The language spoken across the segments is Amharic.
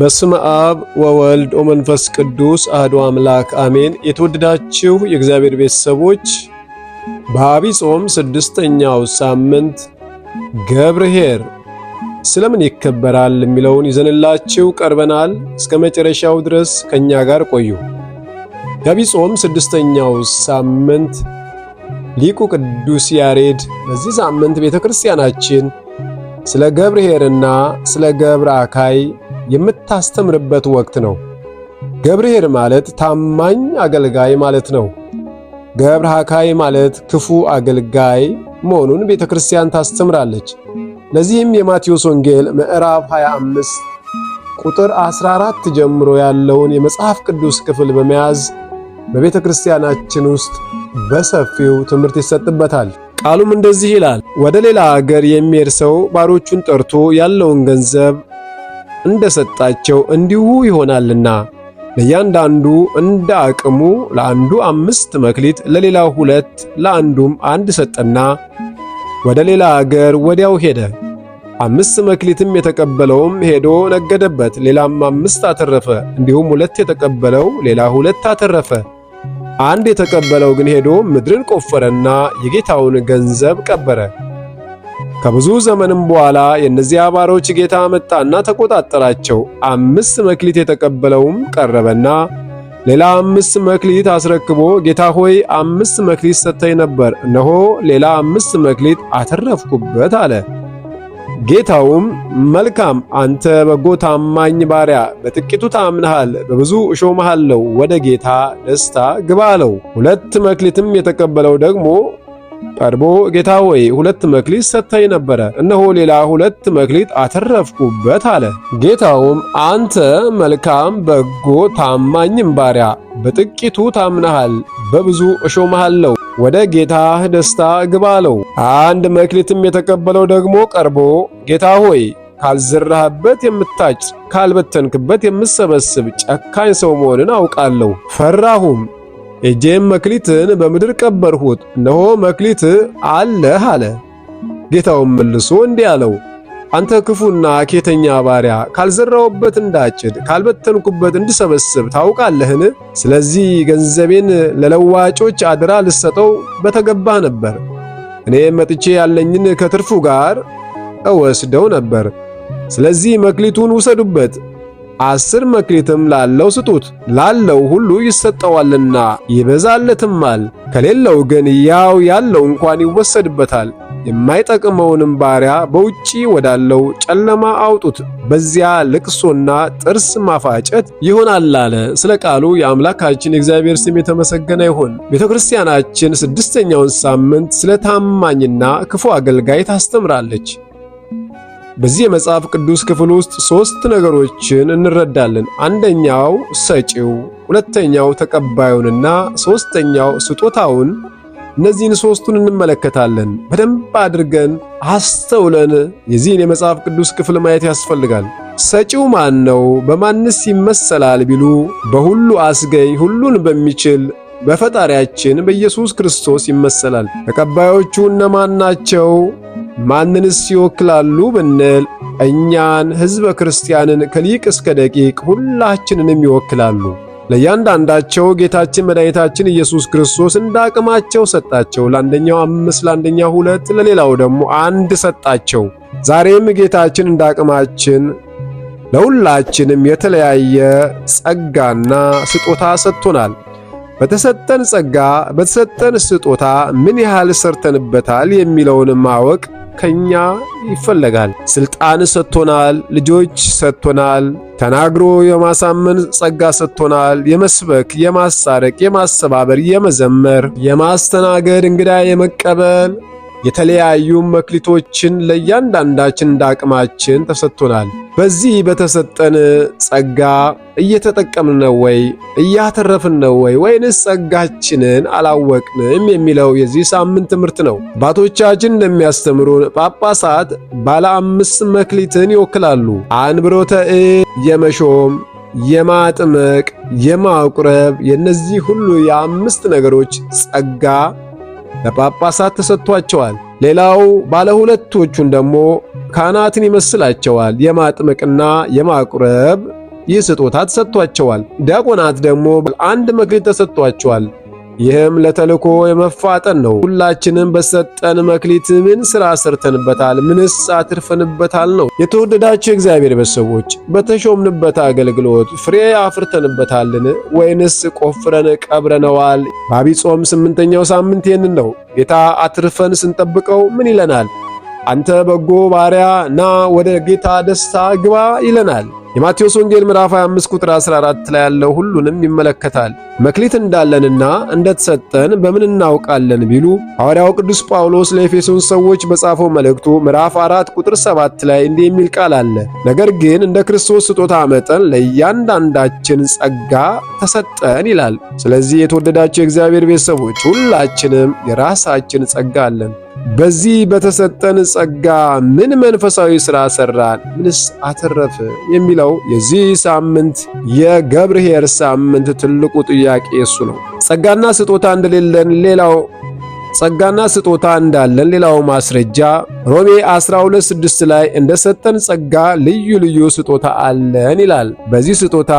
በስመ አብ ወወልድ ወመንፈስ ቅዱስ አሐዱ አምላክ አሜን። የተወደዳችሁ የእግዚአብሔር ቤተሰቦች በዐቢይ ጾም ስድስተኛው ሳምንት ገብርኄር ስለምን ይከበራል የሚለውን ይዘንላችሁ ቀርበናል። እስከ መጨረሻው ድረስ ከእኛ ጋር ቆዩ። የዐቢይ ጾም ስድስተኛው ሳምንት ሊቁ ቅዱስ ያሬድ በዚህ ሳምንት ቤተ ክርስቲያናችን ስለ ገብርኄርና ስለ ገብረ አካይ የምታስተምርበት ወቅት ነው። ገብርሄር ማለት ታማኝ አገልጋይ ማለት ነው። ገብርሃካይ ማለት ክፉ አገልጋይ መሆኑን ቤተ ክርስቲያን ታስተምራለች። ለዚህም የማቴዎስ ወንጌል ምዕራፍ 25 ቁጥር 14 ጀምሮ ያለውን የመጽሐፍ ቅዱስ ክፍል በመያዝ በቤተ ክርስቲያናችን ውስጥ በሰፊው ትምህርት ይሰጥበታል። ቃሉም እንደዚህ ይላል፣ ወደ ሌላ አገር የሚሄድ ሰው ባሮቹን ጠርቶ ያለውን ገንዘብ እንደሰጣቸው እንዲሁ ይሆናልና ለእያንዳንዱ እንደ አቅሙ ለአንዱ አምስት መክሊት፣ ለሌላው ሁለት፣ ለአንዱም አንድ ሰጠና ወደ ሌላ አገር ወዲያው ሄደ። አምስት መክሊትም የተቀበለውም ሄዶ ነገደበት፣ ሌላም አምስት አተረፈ። እንዲሁም ሁለት የተቀበለው ሌላ ሁለት አተረፈ። አንድ የተቀበለው ግን ሄዶ ምድርን ቆፈረና የጌታውን ገንዘብ ቀበረ። ከብዙ ዘመንም በኋላ የእነዚያ ባሮች ጌታ መጣና ተቆጣጠራቸው። አምስት መክሊት የተቀበለውም ቀረበና ሌላ አምስት መክሊት አስረክቦ ጌታ ሆይ አምስት መክሊት ሰጥተኝ ነበር፣ እነሆ ሌላ አምስት መክሊት አተረፍኩበት አለ። ጌታውም መልካም አንተ በጎ ታማኝ ባሪያ፣ በጥቂቱ ታምነሃል፣ በብዙ እሾምሃለሁ፣ ወደ ጌታ ደስታ ግባ አለው። ሁለት መክሊትም የተቀበለው ደግሞ ቀርቦ ጌታ ሆይ ሁለት መክሊት ሰጥተኝ ነበረ፣ እነሆ ሌላ ሁለት መክሊት አተረፍኩበት አለ። ጌታውም አንተ መልካም በጎ ታማኝም ባሪያ በጥቂቱ ታምነሃል፣ በብዙ እሾምሃለሁ፣ ወደ ጌታህ ደስታ ግባ አለው። አንድ መክሊትም የተቀበለው ደግሞ ቀርቦ ጌታ ሆይ ካልዘራህበት የምታጭ ካልበተንክበት የምሰበስብ ጨካኝ ሰው መሆንን አውቃለሁ፣ ፈራሁም እጄም መክሊትን በምድር ቀበርሁት፣ እነሆ መክሊት አለህ አለ። ጌታውም መልሶ እንዲህ አለው፣ አንተ ክፉና ኬተኛ ባሪያ፣ ካልዘራውበት እንዳጭድ ካልበተንኩበት እንድሰበስብ ታውቃለህን? ስለዚህ ገንዘቤን ለለዋጮች አደራ ልሰጠው በተገባህ ነበር። እኔ መጥቼ ያለኝን ከትርፉ ጋር እወስደው ነበር። ስለዚህ መክሊቱን ውሰዱበት አስር መክሊትም ላለው ስጡት፣ ላለው ሁሉ ይሰጠዋልና ይበዛለትማል፣ ከሌለው ግን ያው ያለው እንኳን ይወሰድበታል። የማይጠቅመውንም ባሪያ በውጪ ወዳለው ጨለማ አውጡት፣ በዚያ ልቅሶና ጥርስ ማፋጨት ይሆናል አለ። ስለ ቃሉ የአምላካችን የእግዚአብሔር ስም የተመሰገነ ይሁን። ቤተ ክርስቲያናችን ስድስተኛውን ሳምንት ስለ ታማኝና ክፉ አገልጋይ ታስተምራለች። በዚህ የመጽሐፍ ቅዱስ ክፍል ውስጥ ሦስት ነገሮችን እንረዳለን። አንደኛው ሰጪው፣ ሁለተኛው ተቀባዩንና ሦስተኛው ስጦታውን። እነዚህን ሦስቱን እንመለከታለን። በደንብ አድርገን አስተውለን የዚህን የመጽሐፍ ቅዱስ ክፍል ማየት ያስፈልጋል። ሰጪው ማን ነው? በማንስ ይመሰላል ቢሉ በሁሉ አስገኝ ሁሉን በሚችል በፈጣሪያችን በኢየሱስ ክርስቶስ ይመሰላል። ተቀባዮቹ እነማን ናቸው? ማንንስ ይወክላሉ ብንል እኛን ሕዝበ ክርስቲያንን ከሊቅ እስከ ደቂቅ ሁላችንንም ይወክላሉ። ለእያንዳንዳቸው ጌታችን መድኃኒታችን ኢየሱስ ክርስቶስ እንደ አቅማቸው ሰጣቸው። ለአንደኛው አምስት፣ ለአንደኛው ሁለት፣ ለሌላው ደግሞ አንድ ሰጣቸው። ዛሬም ጌታችን እንደ አቅማችን ለሁላችንም የተለያየ ጸጋና ስጦታ ሰጥቶናል። በተሰጠን ጸጋ በተሰጠን ስጦታ ምን ያህል ሰርተንበታል የሚለውን ማወቅ ከኛ ይፈለጋል። ስልጣን ሰጥቶናል፣ ልጆች ሰጥቶናል፣ ተናግሮ የማሳመን ጸጋ ሰጥቶናል። የመስበክ፣ የማሳረቅ፣ የማሰባበር፣ የመዘመር፣ የማስተናገድ፣ እንግዳ የመቀበል የተለያዩ መክሊቶችን ለእያንዳንዳችን እንዳቅማችን ተሰጥቶናል። በዚህ በተሰጠን ጸጋ እየተጠቀምን ነው ወይ? እያተረፍን ነው ወይ? ወይንስ ጸጋችንን አላወቅንም? የሚለው የዚህ ሳምንት ትምህርት ነው። አባቶቻችን እንደሚያስተምሩን ጳጳሳት ባለ አምስት መክሊትን ይወክላሉ። አንብሮተ እ የመሾም የማጥመቅ፣ የማቁረብ የእነዚህ ሁሉ የአምስት ነገሮች ጸጋ ለጳጳሳት ተሰጥቷቸዋል። ሌላው ባለ ሁለቶቹን ደግሞ ካህናትን ይመስላቸዋል። የማጥመቅና የማቁረብ ይህ ስጦታ ተሰጥቷቸዋል። ዲያቆናት ደግሞ አንድ መክሊት ተሰጥቷቸዋል። ይህም ለተልኮ የመፋጠን ነው። ሁላችንም በሰጠን መክሊት ምን ሥራ ሰርተንበታል? ምንስ አትርፈንበታል ነው። የተወደዳችሁ የእግዚአብሔር ቤተሰቦች በተሾምንበት አገልግሎት ፍሬ አፍርተንበታልን? ወይንስ ቆፍረን ቀብረነዋል? በዐቢይ ጾም ስምንተኛው ሳምንት ይህንን ነው። ጌታ አትርፈን ስንጠብቀው ምን ይለናል? አንተ በጎ ባሪያ ና ወደ ጌታ ደስታ ግባ ይለናል። የማቴዎስ ወንጌል ምዕራፍ 25 ቁጥር 14 ላይ ያለው ሁሉንም ይመለከታል። መክሊት እንዳለንና እንደተሰጠን በምን እናውቃለን ቢሉ ሐዋርያው ቅዱስ ጳውሎስ ለኤፌሶን ሰዎች በጻፈው መልእክቱ ምዕራፍ 4 ቁጥር 7 ላይ እንዲህ የሚል ቃል አለ። ነገር ግን እንደ ክርስቶስ ስጦታ መጠን ለእያንዳንዳችን ጸጋ ተሰጠን ይላል። ስለዚህ የተወደዳቸው የእግዚአብሔር ቤተሰቦች ሁላችንም የራሳችን ጸጋ አለን። በዚህ በተሰጠን ጸጋ ምን መንፈሳዊ ሥራ ሠራን? ምንስ አተረፍ? የሚለው የዚህ ሳምንት የገብርሔር ሳምንት ትልቁ ጥያቄ እሱ ነው። ጸጋና ስጦታ እንደሌለን ሌላው ጸጋና ስጦታ እንዳለን ሌላው ማስረጃ ሮሜ 12:6 ላይ እንደሰጠን ጸጋ ልዩ ልዩ ስጦታ አለን ይላል። በዚህ ስጦታ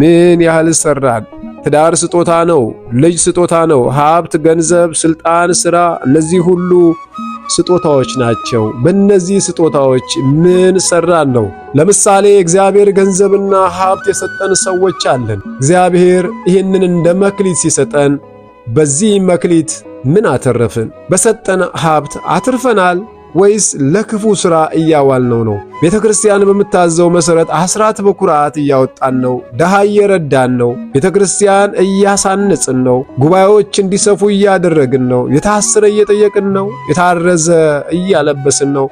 ምን ያህል ሠራን? ትዳር ስጦታ ነው። ልጅ ስጦታ ነው። ሀብት፣ ገንዘብ፣ ስልጣን፣ ስራ እነዚህ ሁሉ ስጦታዎች ናቸው። በእነዚህ ስጦታዎች ምን ሰራን ነው? ለምሳሌ እግዚአብሔር ገንዘብና ሀብት የሰጠን ሰዎች አለን። እግዚአብሔር ይህንን እንደ መክሊት ሲሰጠን በዚህ መክሊት ምን አተረፍን? በሰጠን ሀብት አትርፈናል? ወይስ ለክፉ ሥራ እያዋልነው ነው? ቤተ ክርስቲያን በምታዘው መሠረት አስራት በኩራት እያወጣን ነው። ደሃ እየረዳን ነው። ቤተ ክርስቲያን እያሳነጽን ነው። ጉባኤዎች እንዲሰፉ እያደረግን ነው። የታሰረ እየጠየቅን ነው። የታረዘ እያለበስን ነው።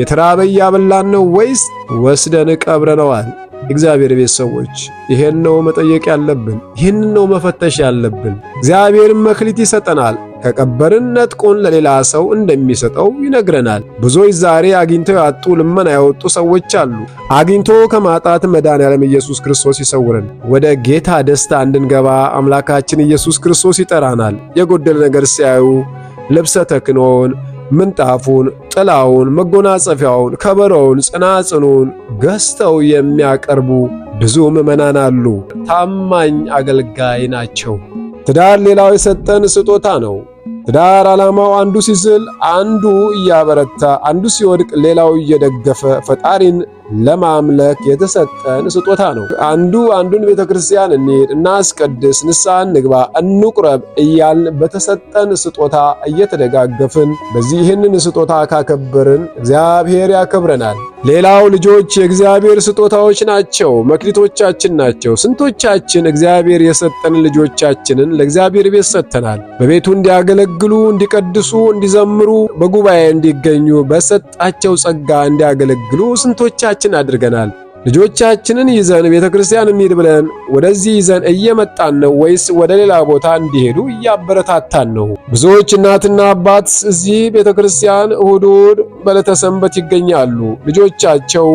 የተራበ እያበላን ነው ወይስ ወስደን ቀብረነዋል? እግዚአብሔር ቤት ሰዎች ይሄን ነው መጠየቅ ያለብን። ይህን ነው መፈተሽ ያለብን። እግዚአብሔርን መክሊት ይሰጠናል። ከቀበርን ነጥቆን ለሌላ ሰው እንደሚሰጠው ይነግረናል። ብዙዎች ዛሬ አግኝተው ያጡ ልመና ያወጡ ሰዎች አሉ። አግኝቶ ከማጣት መድኃኔዓለም ኢየሱስ ክርስቶስ ይሰውረን። ወደ ጌታ ደስታ እንድንገባ አምላካችን ኢየሱስ ክርስቶስ ይጠራናል። የጎደለ ነገር ሲያዩ ልብሰ ተክኖን ምንጣፉን፣ ጥላውን፣ መጎናጸፊያውን፣ ከበሮውን፣ ጽናጽኑን ገዝተው የሚያቀርቡ ብዙ ምዕመናን አሉ። ታማኝ አገልጋይ ናቸው። ትዳር ሌላው የሰጠን ስጦታ ነው። ትዳር ዓላማው አንዱ ሲዝል አንዱ እያበረታ፣ አንዱ ሲወድቅ ሌላው እየደገፈ ፈጣሪን ለማምለክ የተሰጠን ስጦታ ነው። አንዱ አንዱን ቤተ ክርስቲያን እንሂድ፣ እናስቀድስ፣ ንስሐ እንግባ፣ እንቁረብ እያልን በተሰጠን ስጦታ እየተደጋገፍን በዚህ ይህንን ስጦታ ካከበርን እግዚአብሔር ያከብረናል። ሌላው ልጆች የእግዚአብሔር ስጦታዎች ናቸው፣ መክሊቶቻችን ናቸው። ስንቶቻችን እግዚአብሔር የሰጠን ልጆቻችንን ለእግዚአብሔር ቤት ሰጥተናል። በቤቱ እንዲያገለግሉ፣ እንዲቀድሱ፣ እንዲዘምሩ፣ በጉባኤ እንዲገኙ፣ በሰጣቸው ጸጋ እንዲያገለግሉ ስንቶቻችን ልጆቻችን አድርገናል። ልጆቻችንን ይዘን ቤተ ክርስቲያን እንሂድ ብለን ወደዚህ ይዘን እየመጣን ነው ወይስ ወደ ሌላ ቦታ እንዲሄዱ እያበረታታን ነው? ብዙዎች እናትና አባት እዚህ ቤተ ክርስቲያን እሁድ እሁድ በዕለተ ሰንበት ይገኛሉ። ልጆቻቸው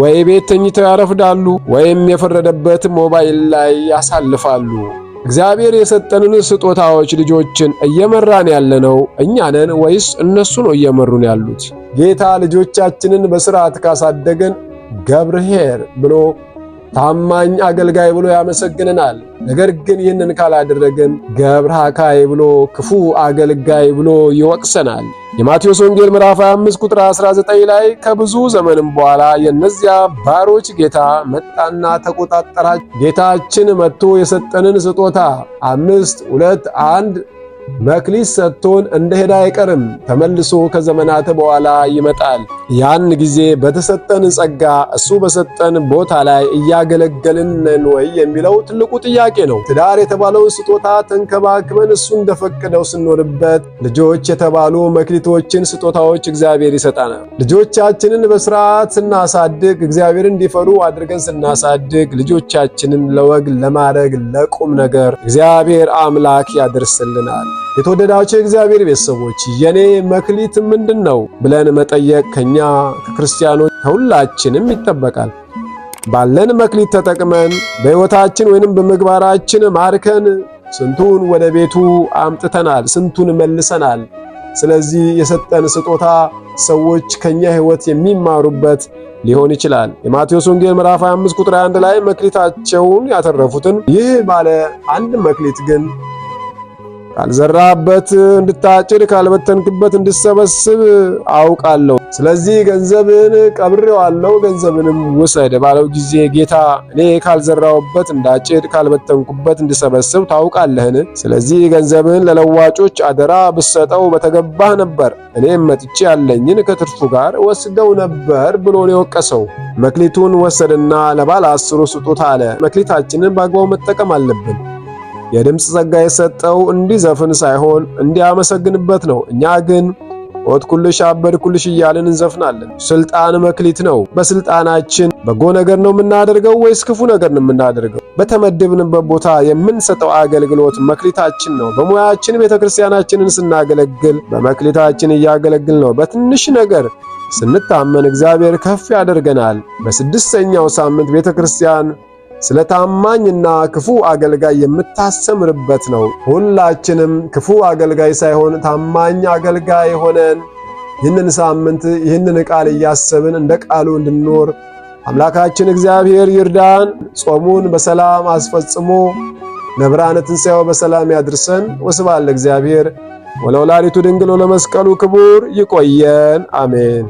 ወይ ቤት ተኝተው ያረፍዳሉ ወይም የፈረደበት ሞባይል ላይ ያሳልፋሉ። እግዚአብሔር የሰጠንን ስጦታዎች ልጆችን እየመራን ያለነው እኛ ነን ወይስ እነሱ ነው እየመሩን ያሉት? ጌታ ልጆቻችንን በሥርዓት ካሳደገን ገብርሄር ብሎ ታማኝ አገልጋይ ብሎ ያመሰግነናል። ነገር ግን ይህንን ካላደረገን ገብርሃካይ ብሎ ክፉ አገልጋይ ብሎ ይወቅሰናል። የማቴዎስ ወንጌል ምዕራፍ 25 ቁጥር 19 ላይ ከብዙ ዘመንም በኋላ የእነዚያ ባሮች ጌታ መጣና ተቆጣጠራቸው። ጌታችን መጥቶ የሰጠንን ስጦታ አምስት ሁለት አንድ መክሊት ሰጥቶን እንደሄደ አይቀርም፣ ተመልሶ ከዘመናት በኋላ ይመጣል። ያን ጊዜ በተሰጠን ጸጋ እሱ በሰጠን ቦታ ላይ እያገለገልንን ወይ የሚለው ትልቁ ጥያቄ ነው። ትዳር የተባለውን ስጦታ ተንከባክበን እሱ እንደፈቀደው ስንኖርበት፣ ልጆች የተባሉ መክሊቶችን፣ ስጦታዎች እግዚአብሔር ይሰጠናል። ልጆቻችንን በስርዓት ስናሳድግ፣ እግዚአብሔር እንዲፈሩ አድርገን ስናሳድግ፣ ልጆቻችንን ለወግ ለማድረግ ለቁም ነገር እግዚአብሔር አምላክ ያደርስልናል። የተወደዳቸው የእግዚአብሔር ቤተሰቦች የኔ መክሊት ምንድን ነው ብለን መጠየቅ ከኛ ከክርስቲያኖች ከሁላችንም ይጠበቃል። ባለን መክሊት ተጠቅመን በሕይወታችን ወይንም በምግባራችን ማርከን ስንቱን ወደ ቤቱ አምጥተናል፣ ስንቱን መልሰናል። ስለዚህ የሰጠን ስጦታ ሰዎች ከኛ ሕይወት የሚማሩበት ሊሆን ይችላል። የማቴዎስ ወንጌል ምዕራፍ 25 ቁጥር 1 ላይ መክሊታቸውን ያተረፉትን ይህ ባለ አንድ መክሊት ግን ካልዘራህበት እንድታጭድ ካልበተንክበት እንድሰበስብ አውቃለሁ። ስለዚህ ገንዘብን ቀብሬዋለሁ፣ ገንዘብንም ውሰድ ባለው ጊዜ ጌታ እኔ ካልዘራውበት እንዳጭድ ካልበተንኩበት እንድሰበስብ ታውቃለህን? ስለዚህ ገንዘብን ለለዋጮች አደራ ብሰጠው በተገባህ ነበር፣ እኔም መጥቼ ያለኝን ከትርፉ ጋር ወስደው ነበር ብሎ ነው የወቀሰው። መክሊቱን ወሰድና ለባለ አስሩ ስጡት አለ። መክሊታችንን በአግባቡ መጠቀም አለብን። የድምፅ ጸጋ የሰጠው እንዲዘፍን ሳይሆን እንዲያመሰግንበት ነው። እኛ ግን ኦትኩልሽ አበድኩልሽ እያልን እንዘፍናለን። ስልጣን መክሊት ነው። በስልጣናችን በጎ ነገር ነው የምናደርገው ወይስ ክፉ ነገር ነው የምናደርገው? በተመደብንበት ቦታ የምንሰጠው አገልግሎት መክሊታችን ነው። በሙያችን ቤተክርስቲያናችንን ስናገለግል በመክሊታችን እያገለግል ነው። በትንሽ ነገር ስንታመን እግዚአብሔር ከፍ ያደርገናል። በስድስተኛው ሳምንት ቤተክርስቲያን ስለ ታማኝና ክፉ አገልጋይ የምታስተምርበት ነው። ሁላችንም ክፉ አገልጋይ ሳይሆን ታማኝ አገልጋይ ሆነን ይህንን ሳምንት ይህንን ቃል እያሰብን እንደ ቃሉ እንድንኖር አምላካችን እግዚአብሔር ይርዳን። ጾሙን በሰላም አስፈጽሞ ለብርሃነ ትንሣኤው በሰላም ያድርሰን። ወስብሐት ለእግዚአብሔር ወለወላዲቱ ድንግል ወለመስቀሉ ክቡር። ይቆየን። አሜን።